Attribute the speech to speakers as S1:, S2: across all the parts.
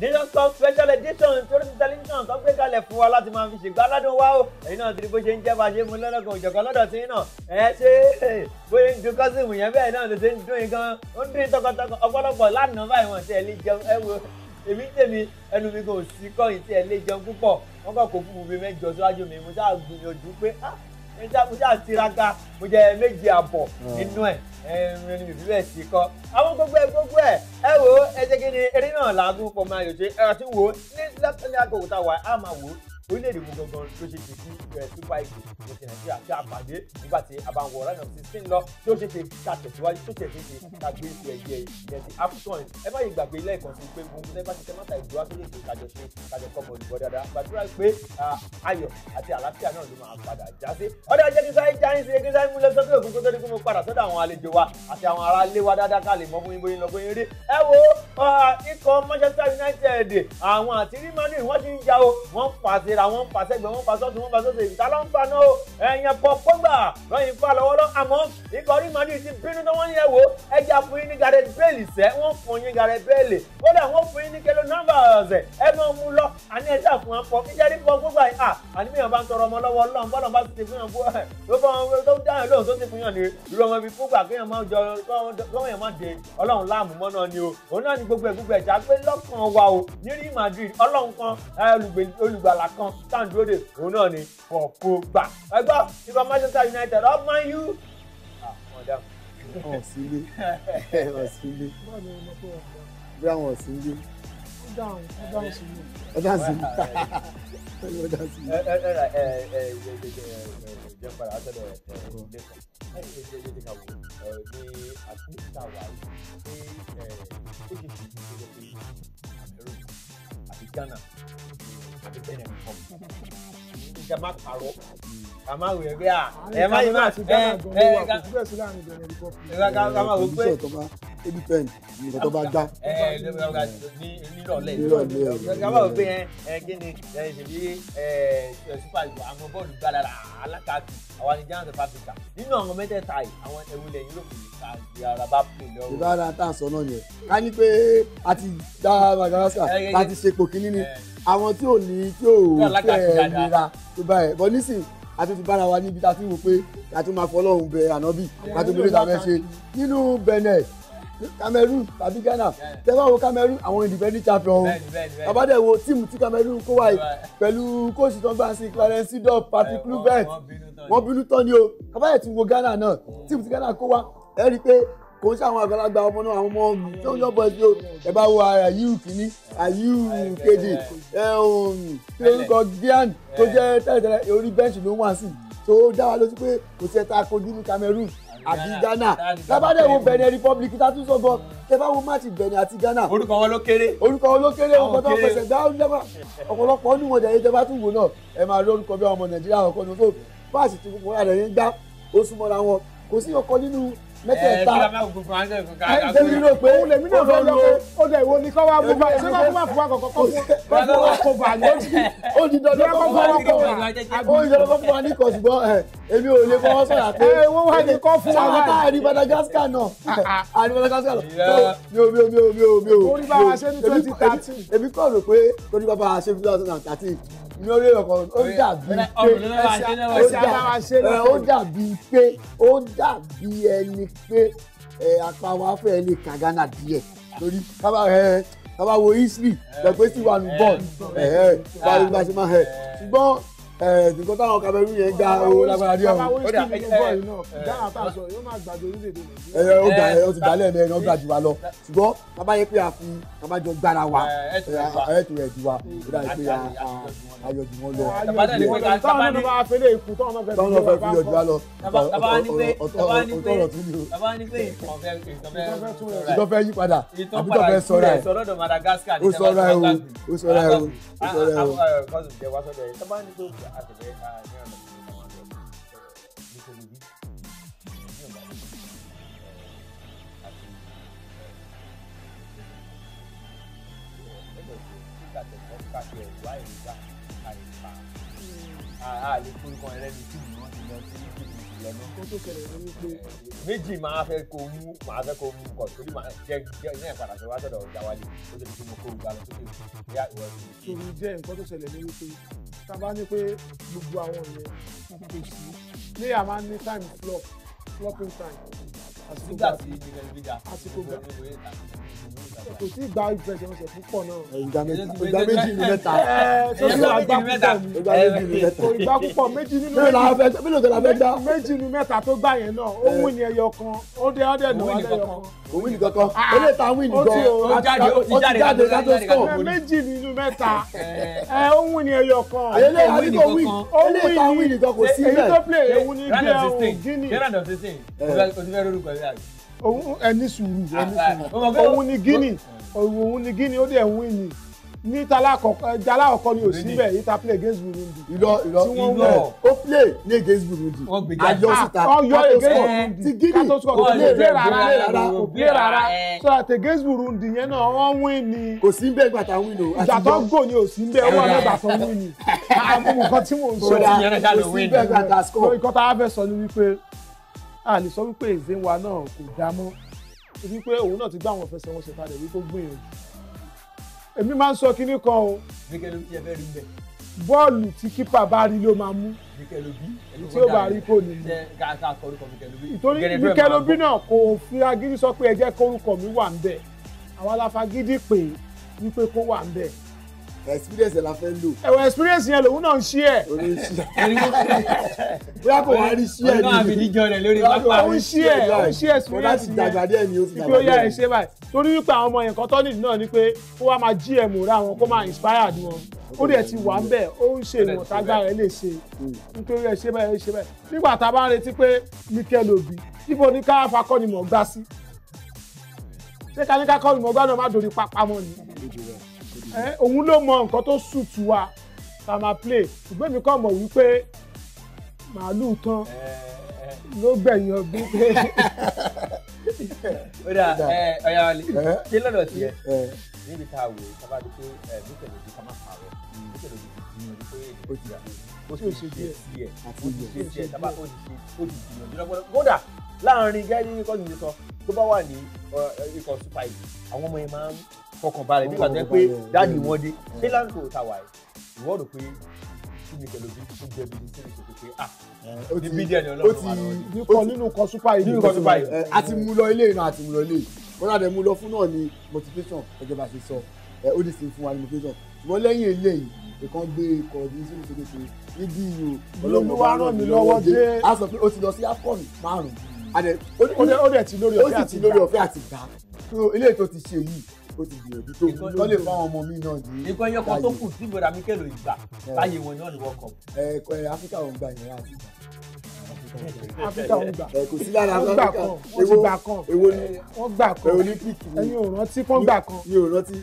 S1: nínú sọ special edition tí oríṣi tẹlifíṣàn tó gbé kalẹ̀ fún wa láti máa fi ṣègbà aládùn wa o ẹ̀yin náà ti di bó ṣe ń jẹ́ bàṣẹ́ mu lọ́lọ́kan òjọ̀kan lọ́dọ̀ tí náà ẹ ṣe bóyá ń dun kọ́sìmù yẹn bẹ́ẹ̀ náà tètè ń dún yín gan ó ń dún yín tọkàntọkàn ọ̀pọ̀lọpọ̀ lánàá báyìí wọn ti ẹ̀ lè jẹun ẹ wo èmi tèmi ẹnu mi kò sí kọ́yìn tí ẹ lè jẹun púpọ̀ wọ́n kàn kó fún mi mẹ́jọ síwájú mi mo ṣáà gbìyànjú pé ah mo ṣáà tiraka mo jẹ méjì àbọ̀ ah. nínú ẹ̀ ẹ̀rin mi bíbẹ̀ sí kọ́. àwọn gbogbo ẹ̀ gbogbo ẹ̀ ẹ wo ẹ jẹ́ kí ni eré náà làágùn fọmọ ayòṣe ẹ̀ ti wò ní lẹ́tọ̀lẹ́ àgọ́gùtà wà á máa wò ó orílẹ̀-èdè wo gangan ló ṣe ṣe kí super eagles ló ti nàìjíríà ṣe àpàdé nígbà tí a bá ń wọ ọ̀rá náà sixteen lọ tí ó ṣe ṣe ká tẹ̀síwájú tó ṣe ṣe ṣe ká gbé ìṣe ẹ̀yẹ ìyẹn ti AFCON ẹ bá yìí gbàgbé lẹ́ẹ̀kan sí pé gbogbo ẹ bá ti tẹ́mọ́tà ìdúrà tó lè ṣe kájọ ṣe kájọ kọ́ bọ̀ olùbọ̀ dáadáa gbàdúrà pé ayọ̀ àti àlàáfíà náà ló máa padà já sí. ọ̀dọ̀ ẹ̀jẹ̀ kí sáyé já ń ṣe kí sáyé mú lọ sọ́kè òkú tó dé kí mo padà sọ́dọ̀ àwọn àlejò wa àti àwọn ará ilé wa dáadáa ká lè mọ bóyin bóyin lọ bóyin rí. ẹ wo ikọ̀ Manchester United àwọn àti rímánì wọ́n ti ń ja o wọ́n ń ìlà wọn ń pa sẹ́gbẹ̀ẹ́ wọn ń pa sọ́ọ̀tún wọn ń pa sọ́ọ̀tún ìta ló ń fa náà ẹ̀yàn pọ̀ pọ́gbà lọ́yìn fa lọ́wọ́ lọ àmọ́ ikọ̀ rí màdí ti bínú tó wọ́n yẹ wò ẹja fún yín ní Gareth Bale sẹ́ wọ́n fún yín Gareth Bale kódà wọ́n fún yín ní kẹlẹ́ nọ́mbà ọ̀sẹ̀ ẹ máa mú lọ àní ẹja fún wọn pọ̀ níjẹ́ rí pọ̀ gbogbo àyè àní mi ò bá ń tọrọ ọmọ lọ́wọ́ Ọlọ́run bọ́lọ̀ bá ti ti fún yàn fún ẹ̀ tó dáhùn lóhùn tó ti fún yàn ní irú ọmọ ibi fúgbà kéèyàn máa jọ lọ́wọ́ yẹn máa de Ọlọ́run láàmú mọ́nà ni o òun náà kan tá à ń dúró dè òun náà ni pọ̀pọ̀ gbà. ẹ gbọ́ ibà Manchester United up man u. ọ̀
S2: sílé ọ̀ sílé bí àwọn sílé.
S3: ẹ dá sílé.
S1: ẹ dá sílé. ẹ ẹ ẹ ẹ ẹ jẹ́ padà àtọ̀dọ̀ ẹ̀ ẹ̀ ẹ̀ ẹ̀ ẹ̀ ẹ̀ kàwé ẹ̀ ní àtúntà wà ní ẹ̀ ẹ̀ ó ti di ìdílé àmì Ghana ti bẹ̀rẹ̀ nǹkan ìjà má parọ́ ká má wẹ̀ bí à ẹ má yẹ má ti dáná gbọ́n wà ẹ ká má wọ
S2: ebi pen nǹkan tó bá gbá. ẹ ẹ
S1: ní nírọ̀lẹ́ nírọ̀lẹ́ ká má wọ pé ẹ kí ni ẹ ṣèlú ẹ ṣùpà ìgbà àwọn bọ́ọ̀lù gbàlára alákàtì àwọn ni giants of Africa nínú àwọn mẹ́tẹ̀ẹ̀ta yìí àwọn ewúlẹ̀ Europe yìí ká di ara pè lọ́wọ́. ìbára
S2: tá a sọ náà yẹn ká ní pé a ti dá Madagascar láti ṣepò kínní ni àwọn tí ò ní tí ò fẹ́ nira tó bá yẹ bọ́ nísìn a tún ti bára wa níbi tá a ti wò pé a tún máa fọlọ́run bẹ ànábì a tún gbélé tàbí ṣe nínú Benin Cameroon tàbí Ghana tẹ́lá wo Cameroon àwọn independent champion bàbá dẹ̀ wo tíìmù tí Cameroon kó wáyé pẹ̀lú kóòsì tó ń gbà sí Clarence Seedorf Patrick Kluivert wọ́n bínú tán ni o bàbá yẹn ti wo Ghana náà tíìmù tí Ghana kó wá ẹ rí i pé kò sí àwọn àgbàlagbà ọmọ náà àwọn ọmọ tó ń yọ̀bọ̀ sí o ẹ bá wo àyíù kìíní àyíù kejì um, kí lórúkọ gian tó jẹ́ tẹ́lẹ̀tẹ́lẹ̀ orí bẹ́ǹṣì ló wà sí tó dá wa lójú pé kò sí ẹ̀ta kojú ní Cameroon àbí Ghana lábàdé wo Benin Republic tátú sọgbọ tẹfà wo máàtì Benin àti Ghana. orúkọ
S1: wọn ló kéré. orúkọ
S2: wọn ló kéré orúkọ tó fẹsẹ̀ dá lẹ́wà ọ̀pọ̀lọpọ̀ ọdún wọn jẹ̀yẹ́ tẹfà tún wò náà ẹ máa rí orúkọ bí ọmọ Nàìjíríà ọkọ ní fóònù fáàsì tí wọn rà lẹ́yìn gbá ó súnmọ́ra wọn kò sí ọkọ nínú mẹ́tẹ̀ẹ̀ta
S1: ẹ̀ẹ́dẹ́gbẹ̀rún
S2: ló pé òun lèmi náà fẹ́ lọ pé ó dẹ̀ ìwo ni kọ́ wá gbogbo àyè ṣé kọ́kọ́ máa fún wa kọ̀kọ́ kọ́ fún wa kó bá ní ó di dandan kọ́ fún wa kó bá ó di dandan kọ́ fún wa ní kọ̀ ṣùgbọ́n èmi ò lè fọwọ́ sọ̀rọ̀ pé ẹ wọ́n wá ní kọ́ fún wa wọ́n táyà ní Madagascar náà ah, ah. àní Madagascar náà mi ò mi ò mi ò mi ò mi ò mi ò èmi kọ́ rò pé lórí bàbá àṣẹ 2013 mi ò rí ọkọ ó dàbí pé ó dàbí pé ó dàbí ẹni pé apá wa fẹ́ lè ka Ghana díẹ̀ torí kábà ẹ kábà wo history lọ pé sí wa ń bọ̀ ẹ ẹ bá a ṣe máa ẹ ṣùgbọ́n nǹkan táwọn Cameroon yẹn gba owó lágbára díẹ̀ o. ó dà ẹ ẹ Ghana
S3: tá a sọ yóò máa gbàgbé orílẹ̀-èdè Nàìjíríà. ẹ ó gbà ẹ
S2: ó ti gbà lẹ́ẹ̀mẹ́rin ó gbà jù wá lọ ṣùgbọ́n bàbá yẹn pé a fi lọ.
S3: táwọn náà máa fẹ́lẹ̀
S1: fẹ́ fi yọjú wa lọ. bàbá ní pé ìtọ́ fẹ́ yí padà àbí tọ́ fẹ́ ẹ̀ ó sọ̀rọ̀ ẹ̀ ó sọ̀rọ̀ ẹ̀ ó sọ̀rọ̀ ẹ̀ ó. 的二姐妹啊这样的朋友们，呃，一些女女性吧，呃，还是呃，那个是自家的，我自家的，我也自家，还是吧。àà lè forúkọ rẹ ní tí mo ti lọ sí ìdíje ìlọ náà. ó tó kẹlẹ̀ ló ní pé. méjì máa fẹ́ kó mú máa fẹ́ kó mú nǹkan torí máa jẹ jẹ ní ìpadà sọ wá sọ̀dọ̀ ọ̀gá wálé ó ti di pé mo kó gbà lọ sókè.
S3: torí bẹ́ẹ̀ nǹkan tó ṣẹlẹ̀ ló ní pé tá a bá ní pé gbogbo àwọn ìyẹn kò sí player máa ní time flop flopping time
S1: àsìkò gbà àsìkò gbà kò
S3: sí ìgbà ìfẹsẹ̀ ọ̀sẹ̀ púpọ̀ náà. ìgbà
S2: méjì ní mẹ́ta. ìgbà méjì ní mẹ́ta. ìgbà méjì ní mẹ́ta. ìgbà púpọ̀ méjì
S3: nínú mẹ́ta. mélòó tẹ̀lé abẹ́ dá. méjì nínú mẹ́ta tó gbà yẹn náà ó wí ní ẹyọ kan ó dé ọ̀dẹ̀ náà ọ̀dẹ̀ yọ kan.
S2: òun ní kankan eléyìí tá a wí ní gan. ó ti jáde kátó sọ.
S3: méjì nínú mẹ́ta ó wí ní ẹyọ kan. eléyìí tá a wí ní gan kò sí ẹni sùúrù ẹni ah, sùúrù ah. òun ni Guinea òun ni Guinea ó dẹ̀ ń win ni ní tala àkọ́kọ́ ni ò síbẹ̀ yíta play against Burundi. irọ́ irọ́ irọ́
S2: ó play ní against Burundi àjọ síta ah, ọyọ against ti Guinea kò play rárá kò play rárá
S3: eh. so that against Burundi yẹn náà wọ́n win ni. kò sí bẹ́ẹ̀ gbàtà win o. ìjà tó gò ni ò sí bẹ́ẹ̀ wọ́n náà gbàtà win ni.
S2: àmọ́ nǹkan tí mò ń sọ kò sí bẹ́ẹ̀ gbàtà score.
S3: ìkọ́ta á fẹ́ sọ ni wípé a lè sọ wípé Ezenwa náà kò dáa mọ́ wípé òun náà ti gbá àwọn ọ̀fẹ́sẹ̀ wọn ṣètà rẹ̀ gbìyànjú èmi máa ń sọ kinní kan o.
S1: gbẹgẹ ló ti ẹ fẹ́ rí bẹ́ẹ̀.
S3: bọ́ọ̀lù tí kípà bá rí ló máa mú.
S1: tí ó bá rí kò ní mú. ìtorí Mikelobi
S3: náà kò fi agídí sọ pé ẹ jẹ́ kórúkọ mi wà ń bẹ̀ àwọn aláfagídí pè é wípé kó wà ń bẹ̀
S2: experience la fẹ́ lò.
S3: ẹ̀wọ̀n experience yẹn lòun náà ń ṣí ẹ̀. orí ṣí ẹ̀. bóyá kò wá rí ṣí ẹ̀ nínú. ọ̀nà àbídíjọ rẹ̀ lórí pápá ó ń ṣí ẹ̀ ó ṣí experience yẹn. bóyá ti dàgbà díẹ̀ ni ó fi dàgbà díẹ̀. ìgbéyà ẹ̀ ṣe báyìí torí wípé àwọn ọmọ yẹn kan tọ́ nìdí náà ni pé kó wá máa jí ẹ̀mú ra wọn kó máa inspired wọn ó dẹ̀ ti wà ń bẹ̀ ó ń ṣe ìwọ̀n tágbára lè ṣe nítorí ẹ̀ ṣe báyìí ṣe báyìí a bá ń retí pé òun ló mọ nǹkan tó sùtù wa tá a máa play ṣùgbọ́n èmi kàn mọ̀ wípé màálùú tán ló gbẹ̀yìn ọdún pé.
S1: ó dà ọ̀yà wálé kí lọ́dọ̀ tiẹ̀ níbi tá a wò ó sábà di pé bíkẹ̀lì òbí ká má pààrọ̀ bíkẹ̀lì òbí ti gbìyànjú pé ó ti rà ó sì ṣe díẹ̀ díẹ̀ ó ti ṣe díẹ̀ sábà ó ti ṣe ó ti gbìyànjú lọ́pọ̀lọpọ̀ kódà láàrin gẹ́gẹ́ ní kọ́sì mi sọ tó bá wà ní ikọ̀ super yìí àwọn ọmọ yẹn máa ń fọkàn balẹ̀ bí pàtẹ́ pé dáàdi wọn dé mm. ṣé láǹtò tàwa yìí ìwọ rò pé kí ni pẹ̀lú bí tó jẹ́ bíi tí kò pé ah ibi díẹ̀ ni ọlọ́run máa lọ. ó ti
S2: nínú kọ nínú kọ super yìí. a mú lọ ilé ìran a mú lọ ilé yìí bọ́lá rẹ̀ mú lọ fún náà ni motivation ẹ̀jẹ̀ bá ṣe sọ ẹ̀ ó lè sìn fún wa ni motivation ṣùgbọ́n lẹ́yìn eléyìí nǹkan gbé kọ̀ọ̀dù sínú ṣoṣo ní bí iyo ọlọ́run wa ràn mí lọ́wọ́ dé a sọ pé o ti lọ sí AFCON márùn ó dẹ̀ ti lórí ọ̀fẹ́ àti lórí ọ̀fẹ́ àti gbà so eléyìí tó ti ṣe yìí ó ti gbìyànjú tó tó lè fáwọn ọmọ mi náà
S1: yìí. nǹkan ẹyọ kan tó kù tí bọ̀dà mi ìgbà táyé wọn náà ni wọ́n kọ. ẹ
S2: áfíríkà wọn gbà ẹ kò sí lára áfíríkà wọn ti gbà kan
S3: èwo ni wọn gbà kan èwo ni píìkì mi ẹ̀yin ò rántí fún gbà kan mi ò rántí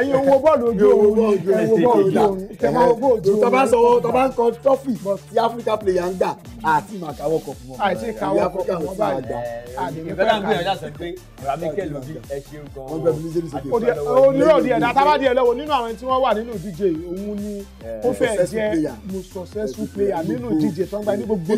S3: ẹ̀yin owó bọ́ọ̀lù ojú oorun ẹ̀yin owó bọ́ọ̀lù ojú oorun tẹmọ owó ojú oorun tọba sọ tọba
S2: ń kọ tọfì tí áfíríkà player ń gbà àti màkàwọ kọ fún wọn àti kàwọ kọ fún wọn báyìí ìfẹ́lá ń gbìyànjú
S1: àṣẹ pé ramikẹ́ ló bí ẹ ṣeun gan-an. onírọ̀ díẹ̀ náà tábàdí
S3: ẹ lọ́wọ́ nínú àwọn tí wọ́n wà nínú ìdíje òun ni ó fẹ́ jẹ́ mo successful player nínú ìdíje tó ń gba ní gbogbo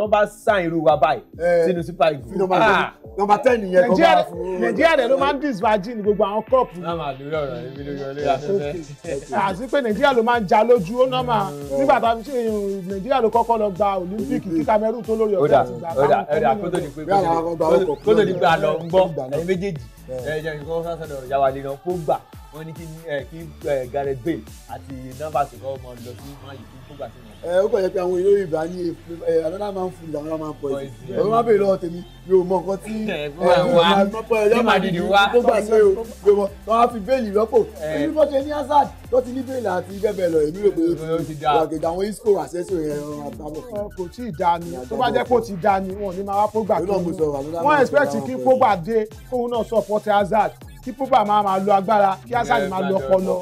S1: tó bá sàn irú wa báyìí eh, sínú super eagles. nọ́mbà ah! ten yẹn tó bá fún. nàìjíríà rẹ ló máa ń
S3: disvirgin gbogbo àwọn kọ́ọ̀pù.
S1: náà máa lórí ọ̀rọ̀ ibi lórí ọ̀rọ̀ ìyá fẹ́fẹ́. Ah,
S3: àti pé nàìjíríà ló máa ń ja lójú ó nọ́mà mm. nígbà tá a fi ṣe nàìjíríà ló kọ́kọ́ lọ gba olympic kí cameroon tó lórí ọ̀rọ̀ ti gbà.
S1: ọ̀dà ọ̀dà kó tó di pé àlọ́ ń gbọ́ ẹ̀yin méjèèjì eh. ẹ̀yin kò sásọ̀dọ̀ yàwálé náà kó gbà wọ́n ní kí eh, kí eh, Gareth Bale àti nọ́mbà tó kọ́ ọmọ lọ sí máa yìí fún fúgbà tó
S2: yẹn. ẹ eh, ó kọ̀ yẹ pé àwọn olórí ìgbà ní another man food another man poison ọ̀rọ̀ máa bèèrè lọ́wọ́ tèmi mi ò mọ nǹkan tí ẹ máa dìde wá tó gbà sí o mi ò mọ tó wá fi bẹ́ẹ̀lì rọ́pò èmi bọ́ ṣe ní Hazard tó ti ní bẹ́ẹ̀lì àti bẹ́ẹ̀ lọ èmi rò pé ó ti wàgèdè àwọn isco àṣẹ́sọ yẹn ọ̀rọ̀ àtàbọ̀. kò tí ì dáa ni tó bá jẹ́ kó
S3: ti dáa ni wọn ò ní máa wá fógbà tó wọ́n expect kí fógbà dé kóun náà support Hazard tí púpà máa máa lo agbára kí ásà máa lo ọpọlọ.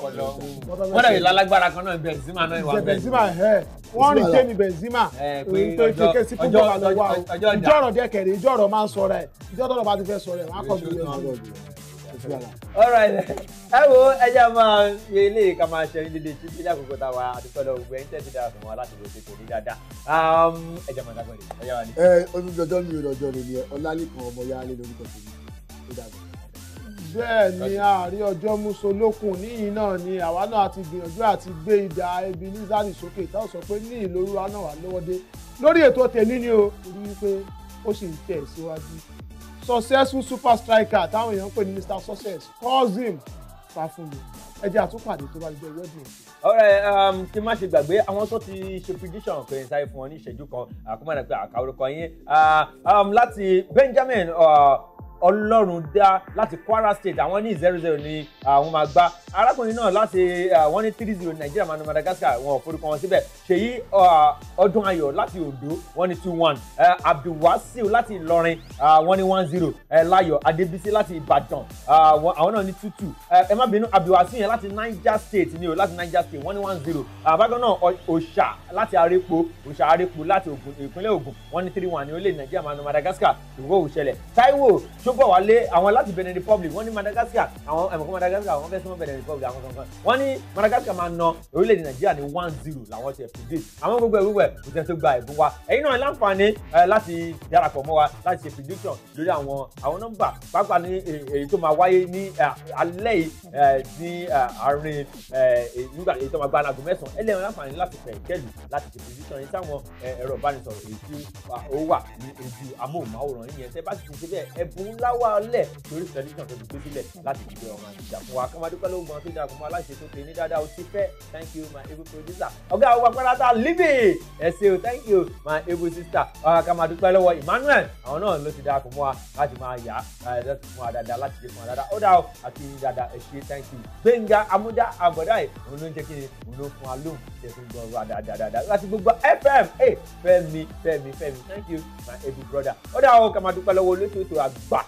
S1: wọ́n dẹ̀ lálágbára kan náà Benzema náà ìwà Benzema ẹ̀ wọ́n rìn kéènì Benzema èyí tó ṣe sí púpà máa lọ wá o ìjọ ọ̀rọ̀
S3: dẹ́kẹ̀rẹ̀ ìjọ ọ̀rọ̀ máa ń sọ rẹ̀ ìjọ ọ̀rọ̀ bá ti fẹ́ sọ rẹ̀ wọ́n á kọ́ bí wọ́n
S1: ẹ wo ẹja máa ṣe ilé ìka máa ṣe ní dédé títí ní àkókò táwa àtúntọ́lọ gbogbo ẹni tẹ́sí dára fún wa láti wo ṣètò ní dáadáa um, ẹja máa dágbọ́n lè ẹja wà ní.
S2: ẹ ọdún mi ò dọjọ́ lè ní ọlálẹ́kan ọmọ yáálé lórúkọ tèmi ó dàgbà
S3: bẹ́ẹ̀ ni ààrẹ ọjọ́ musolókun níyìn náà ni àwa náà ti gbìyànjú àti gbé ìdá Ebenezeri sókè tá ò sọ pé ní ìlórúwa náà wà lọ́wọ́ dé lórí ètò tèmi ni o rí i pé ó sì ń tẹ̀ síwájú successful super striker táwọn èèyàn ń pè ní Mr Success Kazim Fáfúnmi ẹ jẹ́ àtúnpàdé tó bá jẹ́ wẹ́dùn
S1: òkè ọ̀rẹ́ kí n má ṣe gbàgbé àwọn tó ti ṣe prediction pé n sáré fún wọn ní ìṣẹ́jú kan àkómọ̀dà pé àkàwé kan yín uh, um, láti Benjamin uh, ọlọ́run dá láti kwara state àwọn ní zero zero ni àwọn máa gbá arákùnrin náà láti wọ́n ní three zero Nigeria máa madagascar wọn ò forúkọ wọn síbẹ̀ ṣèyí ọdún ayọ̀ láti ondo wọ́n ní two one abdulwasiu láti ìlọrin wọ́n ní one zero láyọ̀ adébísí láti ìbàdàn àwọn náà ní two two ẹ má bínú abdulwasiu yẹn láti niger state ni o láti niger state wọ́n ní one zero àbákan náà òṣà láti arépo òṣà arépo láti ìpínlẹ̀ ògùn wọ́n ní three one ni ó lè nàìjíríà máa ní madagascar ìwọ́ òṣẹlẹ̀ taiwo Ṣógbọ̀wálé àwọn láti Benin Republic wọ́n ní Madagascar àwọn ẹ̀mọ̀kọ́ Madagascar àwọn fẹ́ sọ́mọ́ Benin Republic àwọn kankan wọ́n ní Madagascar máa na orílẹ̀-èdè Nàìjíríà ní one zero làwọn ti ẹ̀fù dé àwọn gbogbo ẹ̀rú ẹ̀ kò tẹ́ tó gba ẹ̀bùn wa ẹ̀yin náà láǹfààní láti darapọ̀ mọ́ wa láti ṣe prediction lórí àwọn àwọn nọ́mbà pàápàá ní èyí tó máa wáyé ní alẹ́ yìí ní àárín nígbà èyí tó máa gba aago mẹ́sàn-án ẹlẹ́yìn láǹfààní láti fẹ̀ kẹ́lù láti ṣe prediction yìí táwọn ẹ̀rọ ìbánisọ̀rọ̀ èyí tí ó wà ní ojú amóhùnmáwòrán yìí yẹn tẹ́ bá ti ṣe bẹ́ẹ̀ láwà ọlẹ̀ lórí tẹlifíṣàn tó ti gbé sílẹ̀ láti gbé ọmọ àṣìṣà fún wa kí wọ́n dúpẹ́ lóògùn tó dáa fún tó tẹ ní dáadáa ó ti fẹ́ thank you my able producer ọ̀gá àwọn apárátá Libby ẹ o thank you my able sister ọ̀gá ká máa dúpẹ́ lọ́wọ́ Emmanuel àwọn náà ló ti dáa fún wa láti máa yá láti fún wa dáadáa láti gbé fún wa dáadáa ó dáa àti dáadáa ẹ ṣé thank you Gbẹ̀ngà Amúdá àbọ̀dá ẹ̀ òun ló ń jẹ́ kí òun ló fún wa lóhùn eh, thank you my able brother ó dáa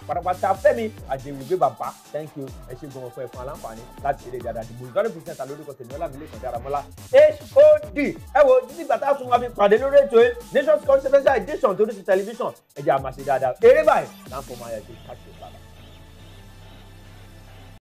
S1: ká pátápátá Fẹ́mi Ajẹwùgbé bàbá thank you ẹ ṣe gbọmọ fún ẹ fún aláǹfààní láti ṣeré dáadáa dìbò ìtọ́ni pírísẹ́ńtà lórúkọ tèmi Ọlámilékan Dáramọ́lá HOD ẹ wo títí gbàtà tún wá fi pàdé lórí ètò ẹ Nations Conference edition torí ti tẹlifíṣàn ẹ jẹ́ àmàṣe dáadáa eré báyìí láǹfọ̀mọ́ ayẹyẹ káṣíọ́.